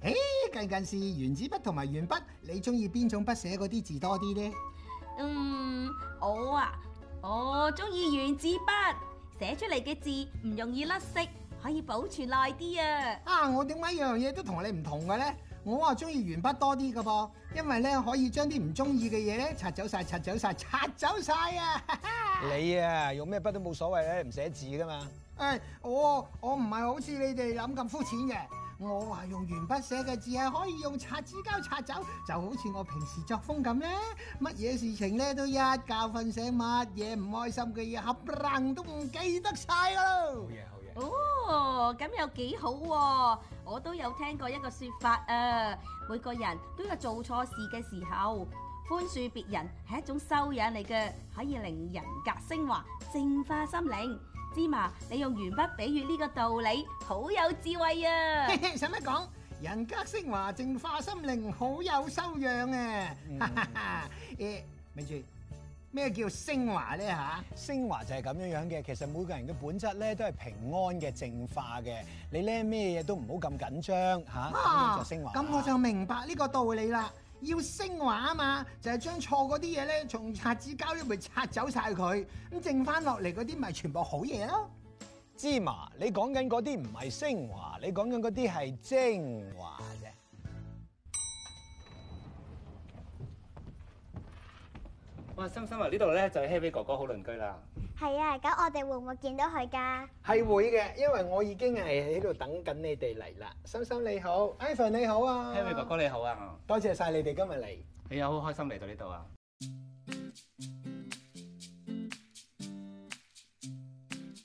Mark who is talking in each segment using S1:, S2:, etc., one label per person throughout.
S1: 誒、欸，近近是原子筆同埋鉛筆，你中意邊種筆寫嗰啲字多啲呢？嗯，我啊，我中意原子筆，寫出嚟嘅字唔容易甩色，可以保存耐啲啊！啊，我點解樣嘢都同你唔同嘅咧？我啊中意鉛筆多啲噶噃，因為咧可以將啲唔中意嘅嘢拆走晒，拆走晒，拆走晒啊哈哈！你啊，用咩筆都冇所謂咧，唔寫字噶嘛？誒、欸，我我唔係好似你哋諗咁膚淺嘅。我話用鉛筆寫嘅字係可以用擦紙膠擦走，就好似我平時作風咁咧。乜嘢事情咧都一覺瞓醒，乜嘢唔開心嘅嘢，冚唪唥都唔記得晒咯。好嘢，好嘢。哦，咁又幾好喎、啊？我都有聽過一個説法啊，每個人都有做錯事嘅時候，寬恕別人係一種修養嚟嘅，可以令人格升華、淨化心靈。芝麻，你用鉛筆比喻呢個道理，好有智慧啊！使乜講？人格升華淨化心靈，好有修養啊！誒、 欸，咪住！咩叫升華咧？吓、啊，升華就係咁樣樣嘅，其實每個人嘅本質咧都係平安嘅淨化嘅，你咧咩嘢都唔好咁緊張嚇，咁、啊啊、就升華。咁我就明白呢個道理啦。要升華啊嘛，就係將錯啲嘢咧，從渣滓膠裡咪拆走曬佢，咁剩翻落嚟啲咪全部好嘢咯。芝麻，你講緊啲唔係升華，你講緊啲係精華啫。啊！心心啊，呢度咧就係 Harry 哥哥好鄰居啦。係啊，咁我哋會唔會見到佢噶？係會嘅，因為我已經係喺度等緊你哋嚟啦。心心你好，Ivan 你好啊，Harry
S2: 哥哥你好啊，
S1: 多謝晒你哋今日嚟，
S2: 你又好開心嚟到呢度啊。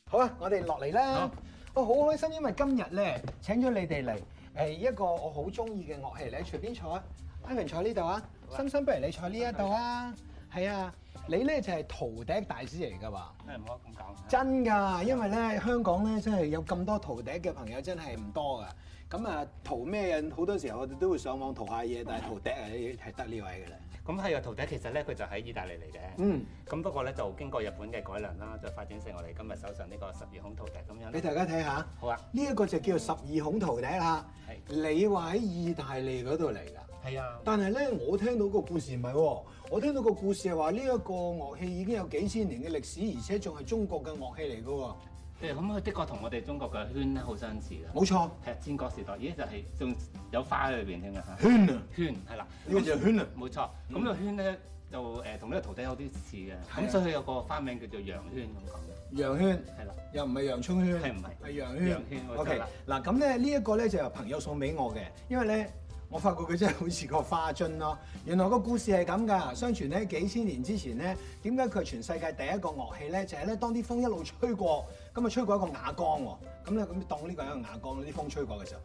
S1: 好啊，我哋落嚟啦。我好開心，因為今日咧請咗你哋嚟誒，一個我好中意嘅樂器咧，隨便坐啊。Ivan 坐呢度啊，心心不如你坐呢一度啊。係啊，你咧就係、是、陶笛大師嚟噶喎，真係唔好咁講。真㗎，因為咧香港咧真係有咁多陶笛嘅朋友真係唔多噶。咁啊，陶咩好多時候我都會上
S2: 網陶下嘢，但係陶笛係得呢位嘅啦。咁係啊，陶笛其實咧佢就喺意大利嚟嘅。嗯。咁不過咧就經過日本嘅改良啦，就發展成我哋今日手上呢個十二孔陶笛咁樣。俾大家睇下。好啊。
S1: 呢、這、一個就叫做十二孔陶笛啦。係。
S2: 你話喺意大利嗰度嚟㗎？係
S1: 啊，但係咧，我聽到個故事唔係喎，我聽到個故事係話呢一、這個樂器已經有幾千年嘅歷史，而且仲係中國嘅樂
S2: 器嚟㗎喎。誒、嗯，咁佢的確同我哋中國嘅圈咧好相似嘅。冇錯，係、啊、戰國時代，而且就係仲有花喺裏邊添嘅圈啊，圈係啦，呢個就圈啊，冇錯。咁、那個圈咧就誒同呢個徒弟有啲似嘅，咁、嗯、所以佢有個花名叫做羊圈咁講。羊圈係啦，又唔係洋葱圈，係
S1: 唔係？係羊圈。OK，嗱咁咧呢一個咧就由朋友送俾我嘅，因為咧。我發覺佢真係好似個花樽咯，原來個故事係咁㗎。相傳咧幾千年之前咧，點解佢係全世界第一個樂器咧？就係咧，當啲風一路吹過，咁啊吹過一個瓦缸喎。咁咧咁當呢個係一個瓦缸，啲風吹過嘅時候，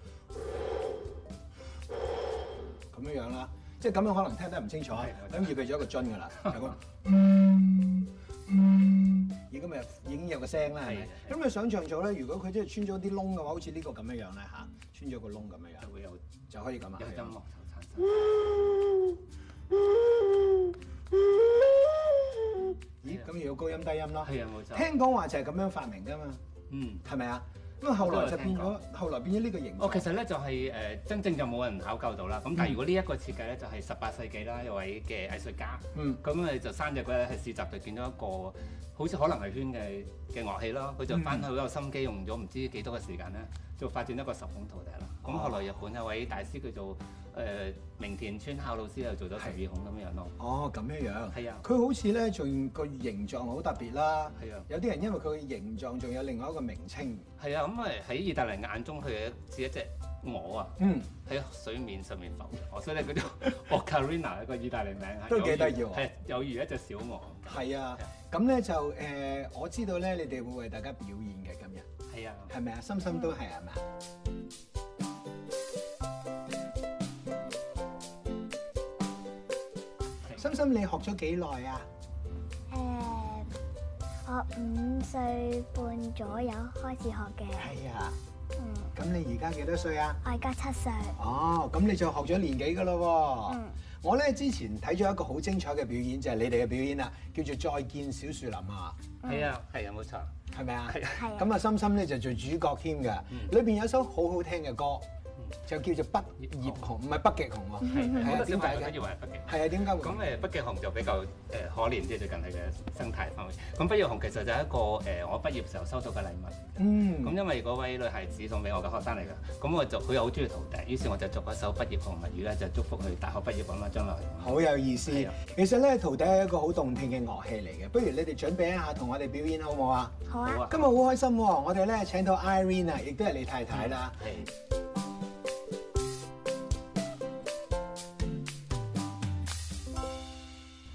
S1: 咁樣樣啦，即係咁樣可能聽得唔清楚，咁預備咗一個樽㗎啦。 咁咪已經有個聲啦，咁你想像做咧。如果佢真係穿咗啲窿嘅話，好似呢個咁樣樣咧吓，穿咗個窿咁樣樣，會有就可以咁啊，有音樂
S2: 產生。咦？咁、嗯、要有高音低音啦。係啊，冇聽講
S1: 話就係咁樣發明噶嘛。嗯。係咪啊？
S2: 咁啊，後來就
S1: 變咗，後來變咗呢個形
S2: 哦，其實咧就係、是、誒、呃，真正就冇人考究到啦。咁、嗯、但係如果呢一個設計咧，就係十八世紀啦，一位嘅藝術家，咁、嗯、咪就三隻腳喺市集就見到一個，好似可能係圈嘅嘅樂器咯。佢就返去，好有心機、嗯，用咗唔知幾多嘅時間咧。就發展一個十孔陶笛啦。咁、哦、後來日本有位大師，叫做誒明田村孝老師，又做咗十二孔咁樣
S1: 咯。哦，咁樣樣。係啊。佢好似咧，仲個形狀好特別啦。係啊。有啲人因為佢個形狀，仲有另外一個名稱。
S2: 係啊，咁係喺意大利眼中，佢係似一隻鵝啊。嗯。喺水面上面浮的，所以咧佢叫 Ocarina，一個意大利名。都幾得意喎。係，有如一隻小鵝。係啊，
S1: 咁咧就誒、呃，我知道咧，你哋會為大家表演嘅今日。係咪啊？心心都係啊嘛。心、嗯、心，你學咗幾耐啊？誒，我五歲半左右開始學嘅。係啊。嗯。咁你而家幾多歲啊？我而家七歲。哦，咁你就學咗年幾㗎喇？嗯。我呢之前睇咗一個好精彩嘅表演，就係、是、你哋嘅表演啊，叫做《再見小樹林》啊。係啊，係啊，冇錯。係咪啊？係，係。咁啊，心心咧就做主角添嘅，裏面有一首好好聽嘅歌。就叫做畢業紅，唔係北極
S2: 熊喎。係係啊，點解嘅？要話北極。係啊，點解？咁誒，北極熊就比較誒可憐，即係最近你嘅生態方面。咁畢業紅其實就係一個誒，我畢業時候收到嘅禮物。嗯。咁因為嗰位女孩子送俾我嘅學生嚟㗎，咁我就佢又好中意陶笛，於是我就作一首《畢業紅》物語咧，就祝福佢大學畢業咁啦，將來。
S1: 好有意思。啊、其實咧，陶笛係一個好動聽嘅樂器嚟嘅，不如你哋準備一下同我哋表演好唔好啊？
S2: 好
S1: 啊！今日好開心喎、啊，我哋咧請到 Irene，啊，亦都係你太太啦。係、嗯。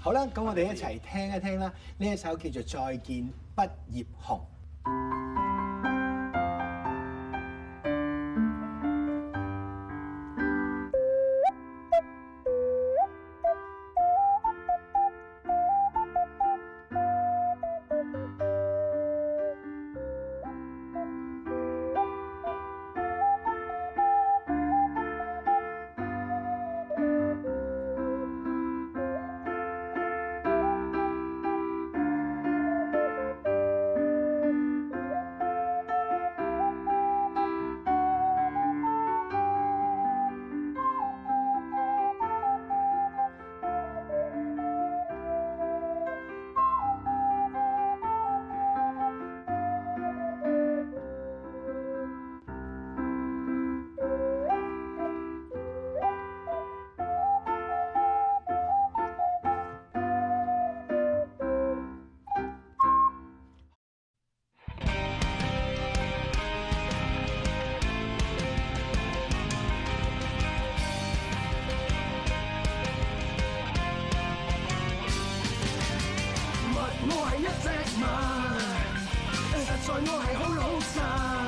S1: 好啦，咁我哋一齊聽一聽啦，呢一首叫做《再見畢業紅》。
S2: 在我係好老實。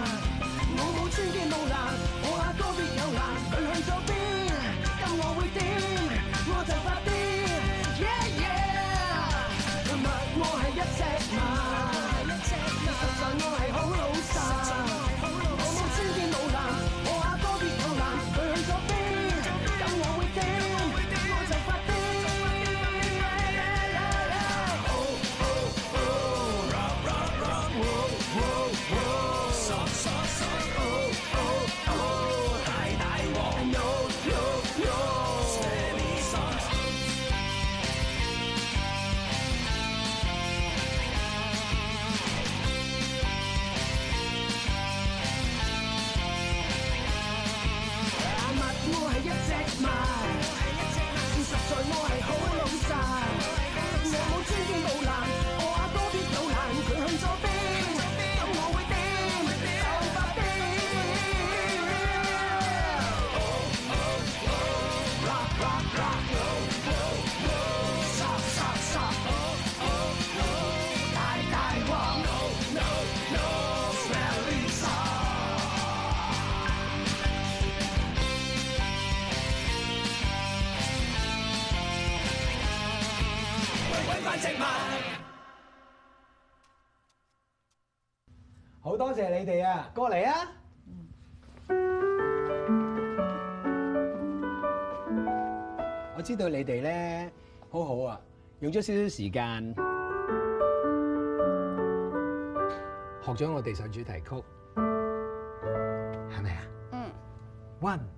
S1: 好多謝你哋啊，過嚟啊、嗯！我知道你哋咧，好好啊，用咗少少時間學咗我哋首主題曲，
S2: 係咪啊？嗯
S1: ，one。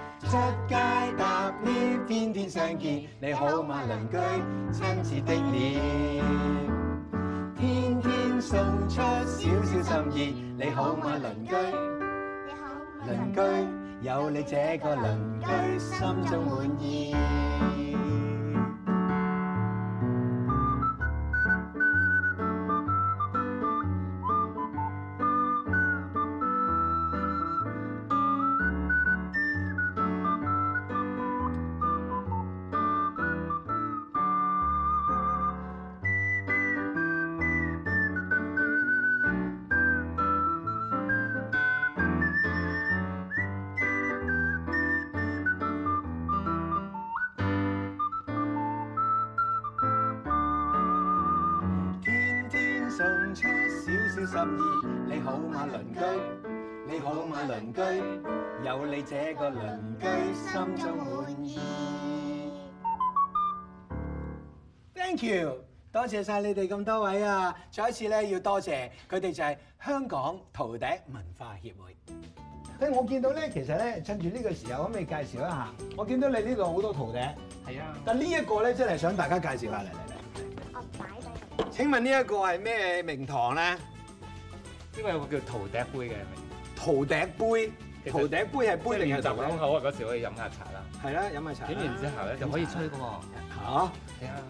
S1: 出街搭 lift，天天相見。你好嗎，鄰居？親切的臉，天天送出少少心意。你好嗎，鄰居？你好，鄰居。有你這個鄰居，心中滿意。心意，你好嘛，鄰居，你好嘛，鄰居，有你這個鄰居，心中滿意。Thank you，多謝晒你哋咁多位啊！再一次咧，要多謝佢哋就係香港陶笛文化協會。誒、hey，我見到咧，其實咧，趁住呢個時候，可唔可以介紹一下？我見到你呢度好多陶笛，係啊。但呢一個咧，真係想大家介紹下，嚟嚟嚟。我擺畀你。請問呢一個係咩名堂咧？因為有個叫陶笛杯嘅係咪？陶笛杯，陶笛杯係杯
S2: 定係笛啊？好啊，嗰時候
S1: 可以飲下茶啦。係啦，飲下茶。點完之後咧，就可以吹嘅喎。嚇？係啊。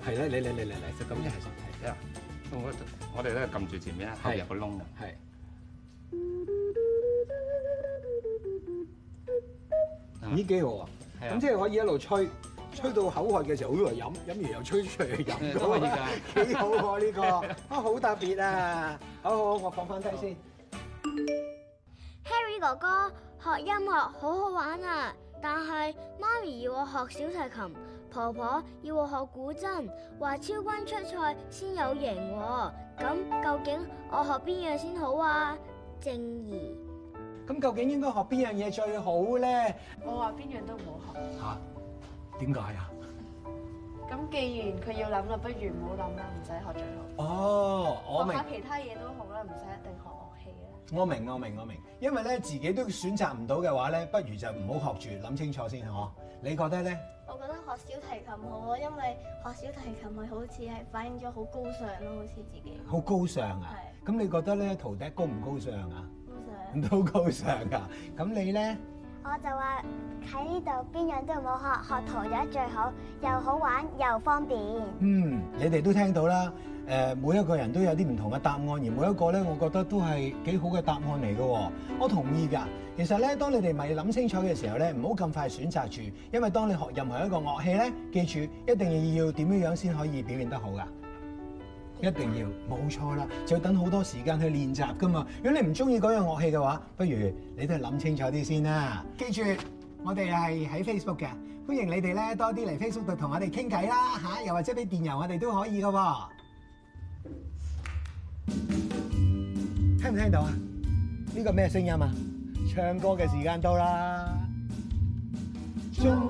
S1: 係啦，嚟嚟嚟嚟嚟，就咁一係實體。啊！啊就是、
S2: 我我哋咧撳住前面，係入一個窿㗎。係。咦？幾、嗯、好
S1: 啊！咁即係可以一路吹。吹到口渴嘅時候很，好容易飲，飲完又吹，出去飲，而家幾 好喎呢、呢個 啊好特別啊！好好，我先放翻低先。Harry 哥哥學音樂好好玩啊，但係媽咪要我學小提琴，婆婆要我學古箏，話超軍出賽先有型喎、啊。咁究竟我學邊樣先好啊？靜兒，咁究竟應該學邊樣嘢最好咧？我話邊樣都唔好學吓。啊
S2: 點解啊？咁既然
S1: 佢要諗啦，不如唔好諗啦，唔使學最好。哦，我明白。學
S2: 下其他嘢都好啦，唔使一定學樂器啦。
S1: 我明，我明，我明。因為咧，自己都選擇唔到嘅話咧，不如就唔好學住，諗清楚先，係可？你覺得咧？
S2: 我覺得
S1: 學小提琴好啊，因為學小提琴係好似係反映咗好高尚咯，好似自己。好高尚啊！咁你覺得咧，徒弟高唔高尚啊？高尚都高尚㗎！咁你咧？我就話喺呢度邊樣都唔好學，學陶藝最好，
S2: 又好玩又方便。
S1: 嗯，你哋都聽到啦。誒、呃，每一個人都有啲唔同嘅答案，而每一個咧，我覺得都係幾好嘅答案嚟嘅，哦。我同意噶。其實咧，當你哋未諗清楚嘅時候咧，唔好咁快選擇住，因為當你學任何一個樂器咧，記住一定要要點樣先可以表現得好噶。一定要冇錯啦，就要等好多時間去練習噶嘛。如果你唔中意嗰樣樂器嘅話，不如你都係諗清楚啲先啦。記住，我哋係喺 Facebook 嘅，歡迎你哋咧多啲嚟 Facebook 度同我哋傾偈啦吓，又或者俾電郵我哋都可以噶喎。聽唔聽到啊？呢個咩聲音啊？唱歌嘅時間到啦。中